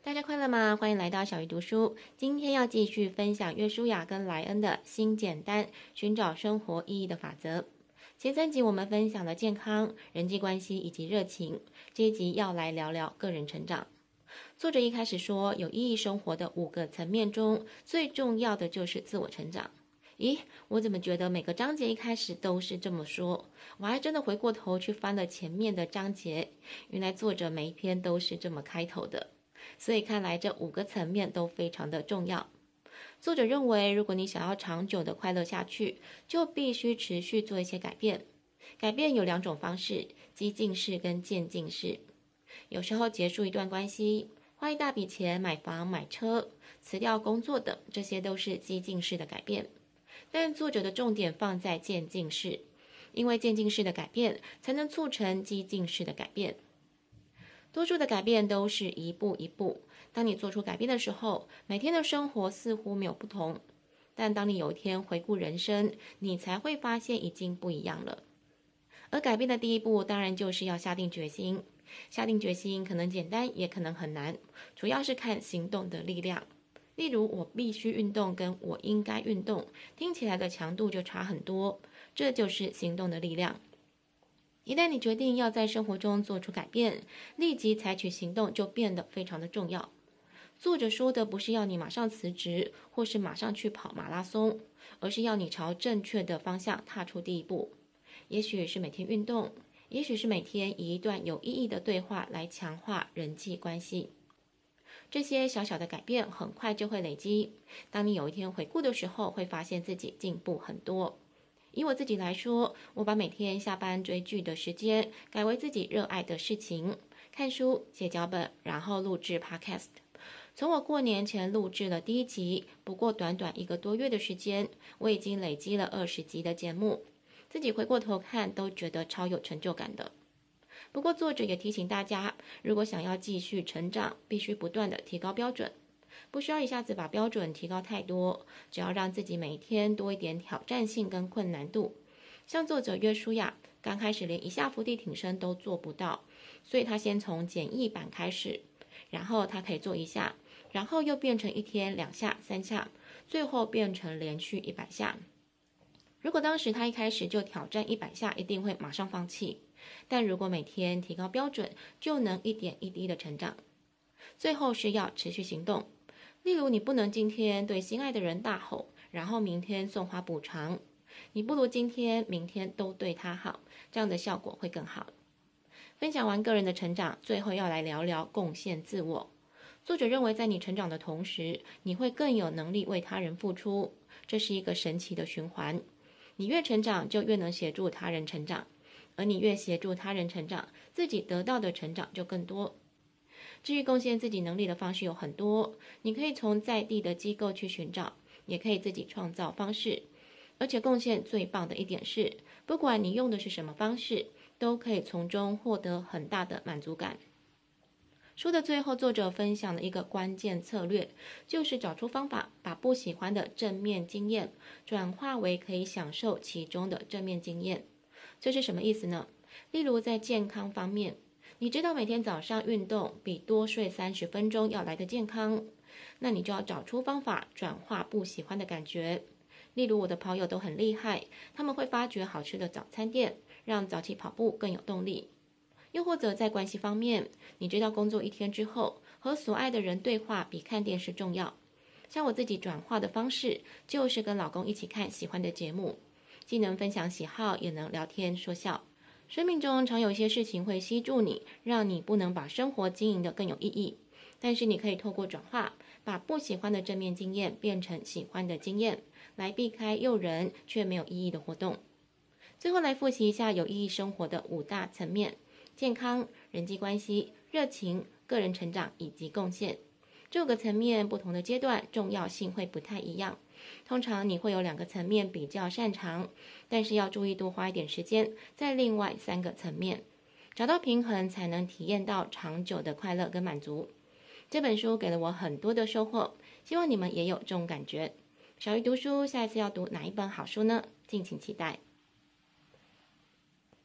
大家快樂嗎？歡迎來到小魚讀書。今天要繼續分享約書亞跟萊恩的心簡單尋找生活意義的法則。前三集我們分享了健康、人際關係以及熱情，這一集要來聊聊個人成長。作者一開始說，有意義生活的五個層面中最重要的就是自我成長。咦，我怎麼覺得每個章節一開始都是這麼說？我還真的回過頭去翻了前面的章節，原來作者每一篇都是這麼開頭的。所以看來這五個層面都非常的重要。作者認為，如果你想要長久的快樂下去，就必須持續做一些改變。改變有兩種方式：激進式跟漸進式。有時候結束一段關係、花一大筆錢買房買車、辭掉工作等，這些都是激進式的改變。但作者的重點放在漸進式，因為漸進式的改變才能促成激進式的改變。多數的改變都是一步一步。當你做出改變的時候，每天的生活似乎沒有不同，但當你有一天回顧人生，你才會發現已經不一樣了。而改變的第一步，當然就是要下定決心。下定決心可能簡單，也可能很難，主要是看行動的力量。例如，我必須運動，跟我應該運動，聽起來的強度就差很多。這就是行動的力量。一旦你決定要在生活中做出改變，立即採取行動就變得非常的重要。作者說的不是要你馬上辭職，或是馬上去跑馬拉松，而是要你朝正確的方向踏出第一步。也許是每天運動，也許是每天以一段有意義的對話來強化人際關係。這些小小的改變很快就會累積。當你有一天回顧的時候，會發現自己進步很多。以我自己來說，我把每天下班追劇的時間改為自己熱愛的事情——看書、寫腳本，然後錄製 Podcast。從我過年前錄製了第一集，不過短短一個多月的時間，我已經累積了二十集的節目。自己回過頭看，都覺得超有成就感的。不過作者也提醒大家，如果想要繼續成長，必須不斷地提高標準。不需要一下子把標準提高太多，只要讓自己每一天多一點挑戰性跟困難度。像作者約書亞，剛開始連一下伏地挺身都做不到，所以他先從簡易版開始，然後他可以做一下，然後又變成一天兩下、三下，最後變成連續一百下。如果當時他一開始就挑戰一百下，一定會馬上放棄。但如果每天提高標準，就能一點一滴的成長。最後需要持續行動。例如，你不能今天對心愛的人大吼，然後明天送花補償。你不如今天、明天都對他好，這樣的效果會更好。分享完個人的成長，最後要來聊聊貢獻自我。作者認為，在你成長的同時，你會更有能力為他人付出，這是一個神奇的循環。你越成長，就越能協助他人成長，而你越協助他人成長，自己得到的成長就更多。至於貢獻自己能力的方式有很多，你可以從在地的機構去尋找，也可以自己創造方式。而且貢獻最棒的一點是，不管你用的是什麼方式，都可以從中獲得很大的滿足感。書的最後，作者分享了一個關鍵策略，就是找出方法，把不喜歡的正面經驗轉化為可以享受其中的正面經驗。這是什麼意思呢？例如在健康方面。你知道每天早上運動比多睡三十分鐘要來得健康，那你就要找出方法轉化不喜歡的感覺。例如我的朋友都很厲害，他們會發掘好吃的早餐店，讓早起跑步更有動力。又或者在關係方面，你知道工作一天之後，和所愛的人對話比看電視重要。像我自己轉化的方式，就是跟老公一起看喜歡的節目，既能分享喜好，也能聊天說笑。生命中常有一些事情會吸住你，讓你不能把生活經營得更有意義。但是你可以透過轉化，把不喜歡的正面經驗變成喜歡的經驗，來避開誘人卻沒有意義的活動。最後來複習一下有意義生活的五大層面：健康、人際關係、熱情、個人成長以及貢獻。這五個層面不同的階段重要性會不太一樣。通常你會有兩個層面比較擅長，但是要注意多花一點時間在另外三個層面，找到平衡才能體驗到長久的快樂跟滿足。這本書給了我很多的收穫，希望你們也有這種感覺。小魚讀書，下一次要讀哪一本好書呢？敬請期待。